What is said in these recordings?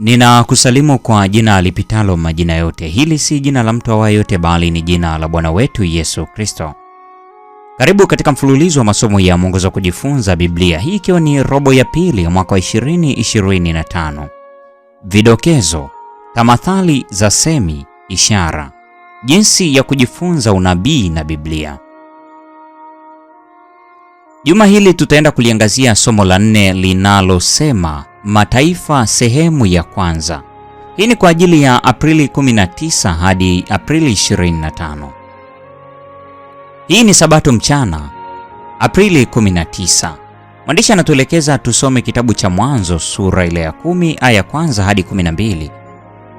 nina kusalimu kwa jina alipitalo majina yote. Hili si jina la mtu awaye yote, bali ni jina la Bwana wetu Yesu Kristo. Karibu katika mfululizo wa masomo ya mwongozo wa kujifunza Biblia, hii ikiwa ni robo ya pili ya mwaka wa 2025. Vidokezo, tamathali za semi, ishara, jinsi ya kujifunza unabii na Biblia. Juma hili tutaenda kuliangazia somo la nne linalosema Mataifa sehemu ya kwanza. Hii ni kwa ajili ya Aprili 19 hadi Aprili 25. Hii ni Sabato mchana, Aprili 19. Mwandishi anatuelekeza tusome kitabu cha Mwanzo sura ile ya kumi aya kwanza hadi 12.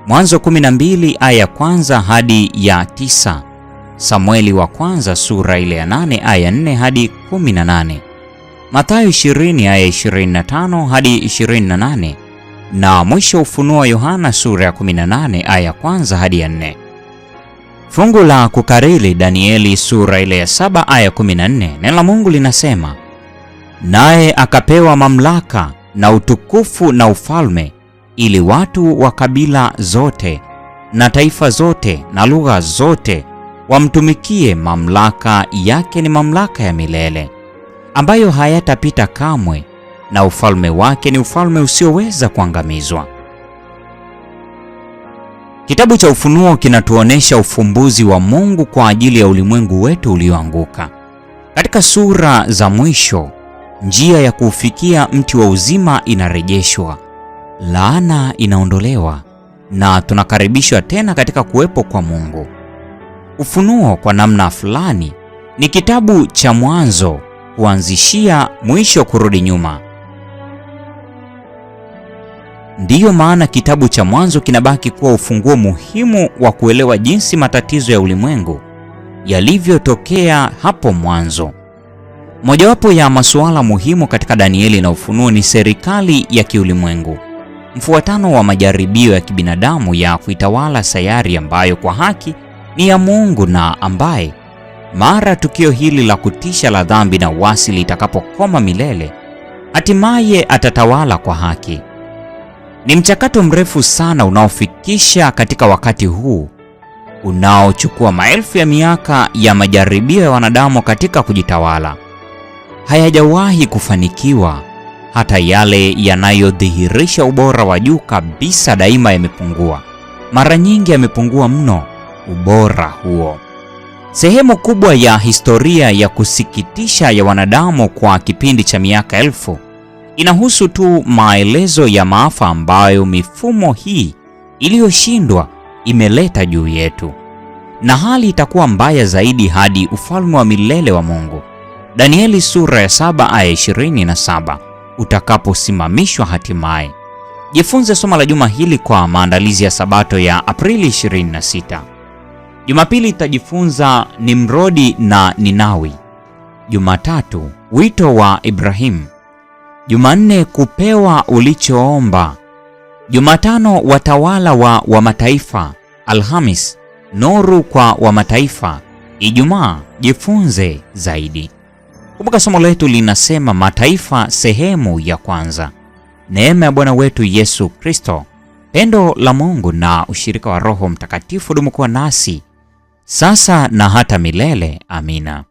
Mwanzo 12 aya ya kwanza hadi ya tisa. Samueli wa kwanza sura ile ya nane aya ya nne hadi 18. Mathayo 20 aya 25 hadi 28 na mwisho Ufunuo Yohana sura ya 18 aya kwanza hadi ya 4. Fungu la kukariri Danieli sura ile ya 7 aya 14, neno la Mungu linasema, naye akapewa mamlaka na utukufu na ufalme, ili watu wa kabila zote na taifa zote na lugha zote wamtumikie. Mamlaka yake ni mamlaka ya milele ambayo hayatapita kamwe, na ufalme wake ni ufalme usioweza kuangamizwa. Kitabu cha Ufunuo kinatuonesha ufumbuzi wa Mungu kwa ajili ya ulimwengu wetu ulioanguka. Katika sura za mwisho, njia ya kuufikia mti wa uzima inarejeshwa, laana inaondolewa na tunakaribishwa tena katika kuwepo kwa Mungu. Ufunuo kwa namna fulani ni kitabu cha mwanzo kuanzishia mwisho kurudi nyuma. Ndiyo maana kitabu cha Mwanzo kinabaki kuwa ufunguo muhimu wa kuelewa jinsi matatizo ya ulimwengu yalivyotokea hapo mwanzo. Mojawapo ya masuala muhimu katika Danieli na Ufunuo ni serikali ya kiulimwengu, mfuatano wa majaribio ya kibinadamu ya kuitawala sayari ambayo kwa haki ni ya Mungu na ambaye mara tukio hili la kutisha la dhambi na uasi litakapokoma milele, hatimaye atatawala kwa haki. Ni mchakato mrefu sana unaofikisha katika wakati huu unaochukua maelfu ya miaka ya majaribio ya wanadamu katika kujitawala. Hayajawahi kufanikiwa, hata yale yanayodhihirisha ubora wa juu kabisa daima yamepungua. Mara nyingi yamepungua mno ubora huo. Sehemu kubwa ya historia ya kusikitisha ya wanadamu kwa kipindi cha miaka elfu inahusu tu maelezo ya maafa ambayo mifumo hii iliyoshindwa imeleta juu yetu, na hali itakuwa mbaya zaidi hadi ufalme wa milele wa Mungu, Danieli sura ya 7 aya 27, utakaposimamishwa hatimaye. Jifunze somo la juma hili kwa maandalizi ya Sabato ya Aprili 26. Jumapili tutajifunza Nimrodi na Ninawi. Jumatatu wito wa Ibrahimu. Jumanne kupewa ulichoomba. Jumatano watawala wa wa mataifa. Alhamis noru kwa wa mataifa. Ijumaa jifunze zaidi. Kumbuka somo letu linasema mataifa sehemu ya kwanza. Neema ya Bwana wetu Yesu Kristo, pendo la Mungu na ushirika wa Roho Mtakatifu dumu kuwa nasi sasa na hata milele. Amina.